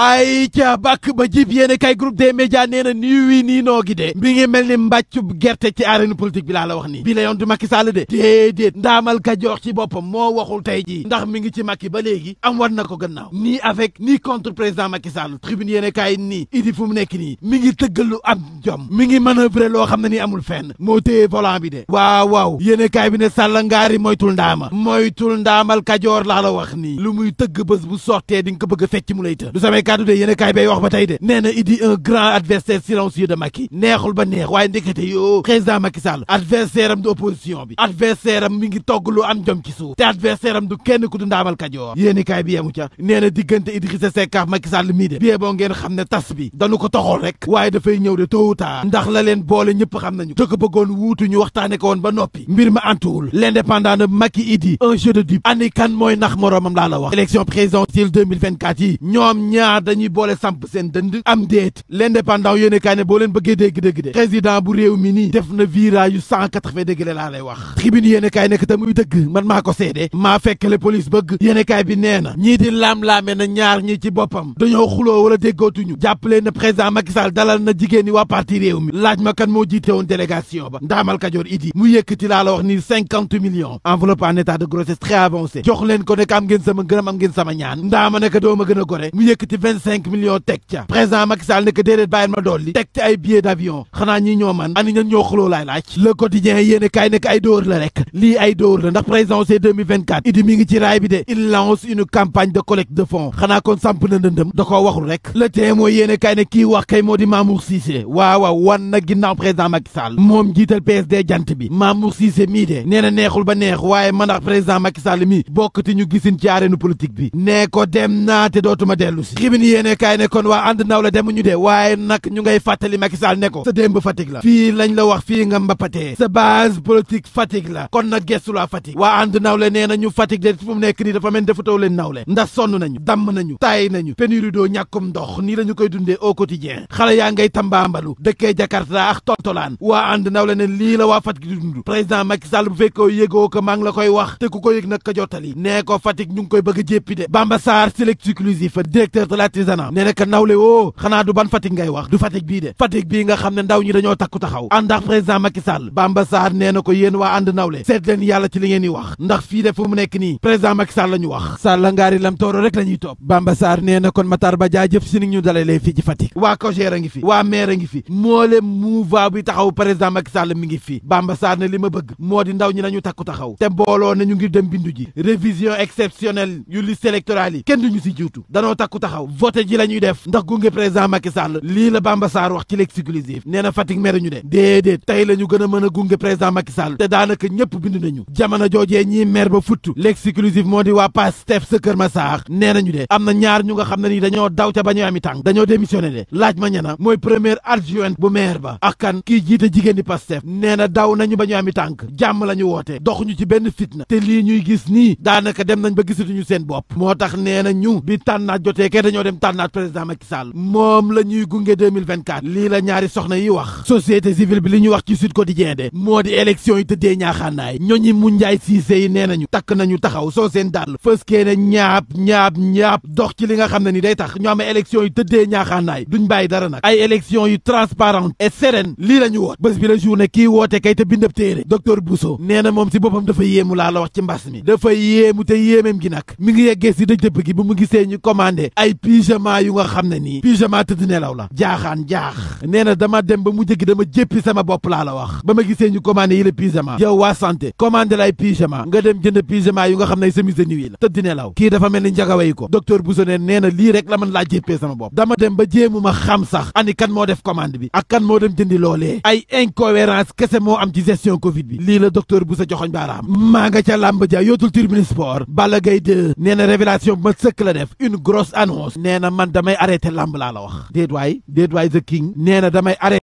ay ca bàkk ba jib yéen kay groupe des médias nee na nii wii nii noo gi de mi ngi mel ni mbàccub gerte ci arène politique bi laa la wax nii bi la yoon du Macky Sall de déedéet ndaamal ka ci boppa moo waxul tey jii ndax mi ngi ci Macky ba léegi am war na ko gannaaw nii avec nii contre président Macky Sall tribune yéen kay nii idi fu mu nekk nii mi ngi tëggalu am jom mi ngi mën a manœuvrer loo xam ne ni amul fenn moo téye volant bi de waaw waaw yéen kay bi ne Sall ngaari moytul ndaama moytul ndaamal kajoor laa la wax nii lu muy tëgg bés bu di nga ko bëgg a fecc mu lay të kaddu de yéen a kaay bay wax ba tey de nee na un grand adversaire silencieux de Macky neexul ba neex waaye ndekete yoo président Macky Sall adversaire du opposition bi adversaire mi ngi togg lu am jom ci suuf te adversaire du kenn ku du ndaamal Kajoor yéen i bi yemu ca nee diggante Idrissa Seck ak Macky Sall mii de bie ngeen xam ne tas bi dañu ko toxal rek waaye dafay ñëw de tôt ndax la boole ñëpp xam nañu dëkk ko woon ñaar dañuy boole samp seen dënd am déet l'indépendant yéene kaay ne boo leen bëggee dégg-dégg de président bu réew mi nii def na virage yu cent quatre-vingts laa lay wax tribune yéene nekk te muy dëgg man maa ko seede maa fekkale police bëgg yéene bi nee na ñii di laam-laame na ñaar ñi ci boppam dañoo xuloo wala déggootuñu jàppaleen na président Macky dalal na jigéen waa parti réew mi laaj ma kan moo jiite woon délégation ba ndaamal kajoor idi mu yëkkati laa la wax 25 millions teg ca président Macky Sall nek ko déedéet ma dolli teg ci ay billets d'avion xanaa ñi ñoo man ani ñan ñoo xuloo lay laaj le quotidien yene kay nek ay door la rek li ay door la ndax c'est 2024 idi mi ngi ci ray bi de il lance une campagne de collecte de fonds xanaa kon samp na ndëndëm da koo waxul rek le témoin yene kay nek ki wax kay modi Mamour Cissé waaw waaw wan na ginnaaw président Macky Sall mom jiital PSD jant bi Mamour Cissé mi de nee neexul ba neex waye man ndax président Macky Sall mi bokkati ñu gisin ci arène politique bi Né ko dem na te dotuma dellu si tribune yéene kaay ne kon waa ànd naw la demu ñu dee waaye nag ñu ngay fàttali Macky Sall ne ko sa démb Fatick la fii lañ la wax fii nga mbapatee sa base politique Fatick la kon nag gestulaa Fatick waa ànd naw la nee na ñu Fatick de fu mu nekk nii dafa mel dafa taw leen naw le ndax sonn nañu damm nañu taay nañu pénurie doo ñàkkum ndox nii la ñu koy dundee au quotidien xale yaa ngay tambaambalu dëkkee Jakarta ak tontolaan waa ànd naw la lii la waa Fatick di a l'artisanat nee nak nawle wo oh, xana du ban fatik ngay wax du fatik bi de fatik bi nga xam ndaw ñi dañoo takku taxaw andax président Macky Sall Bamba Sarr nee na ko yéen waa ànd nawle seet leen yalla ci li ngeen di wax ndax fi de fu mu nekk ni président Macky Sall lañu wax Sall ngaari lam toro rek lañuy top Bamba Sarr nee kon Matar Ba jaajëf si ni ñu dalalee fi ci fatik wa COJER a ngi fi wa maire ngi fi moole mouva bi taxaw président Macky Sall mi ngi fi Bamba Sarr ne li ma bëgg modi ndaw ñi nañu takku taxaw te mbooloo nañu ngir dem bindu ji révision exceptionnelle yu liste électorale yi kenn duñu ci dañoo takku taxaw voté ji la ñuy def ndax gunge président Macky Sall lii la Bamba Sarr wax ci l'exclusif nee na Fatick mere ñu ne déedéet tey la ñu gën a mën a gunge président Macky Sall te daanaka ñëpp bind nañu jamono joojee ñii mer ba futt l'exclusif moo di waa Pastef sa Kër Massar nee nañu de am na ñaar ñu nga xam ne ni dañoo daw ca ba ñu ami tànk dañoo démissionné de laaj ma ñana mooy premier adjoint bu maire ba ak kan kii jiite jigéen di Pastef nee na daw nañu ba ñu ami tànk jàmm la ñu woote doxuñu ci benn fitna lii ñuy gis nii daanaka dem nañ ba gisatuñu seen bopp moo tax nee na ñu bi tànnaat jotee kee dañu ñoo dem tànnaat président Macky Sall moom la ñuy gunge 2024 lii la ñaari soxna yi wax société civile bi li ñu wax ci Sud Quotidien de moo di élection yi tëddee ñaaxaanaay ñooñi mu njaay siisé yi nee nañu takk nañu taxaw soo seen dàll fës kee ñaab ñaab ñaab dox ci li nga xam ne ni day tax ñu am élection yi tëddee ñaaxaanaay duñ bàyyi dara nag ay élection yu transparente et sereine lii la woot bés bi la journée kii woote kay te bindab téere docteur pyjama yu nga xam ne nii pyjama tëdd nelaw la jaaxaan jaax nee na dama dem ba mu jëkk dama jéppi sama bopp laa la wax ba ma gisee ñu commandé yi la pyjama yow waa santé commandé lay pyjama nga dem jënd pyjama yu nga xam ne chemise de nuit la tëdd nelaw kii dafa mel ni njagawayi ko docteur Bousso ne nee na lii rek la man laa jéppee sama bopp dama dem ba jéemu ma xam sax ani kan moo def commande bi ak kan moo dem jëndi loolee ay incohérence kese moo am ci lii la docteur bu ma sëkk la def une grosse annonce nee na man damay arrêté lamb laa la wax déet waay déet waay the king nee na damay arrêté